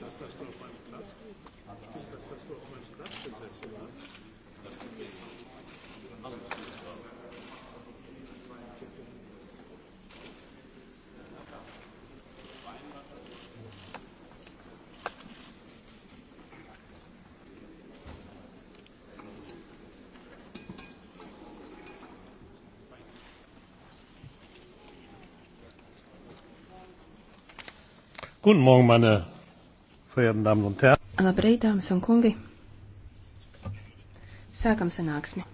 dass das nur auf meinem Platz steht, dass das nur auf meinem Platz gesessen hat. Alles gut drauf. Guten Morgen, meine Labdien, dāmas un kungi! Sākam sanāksmi!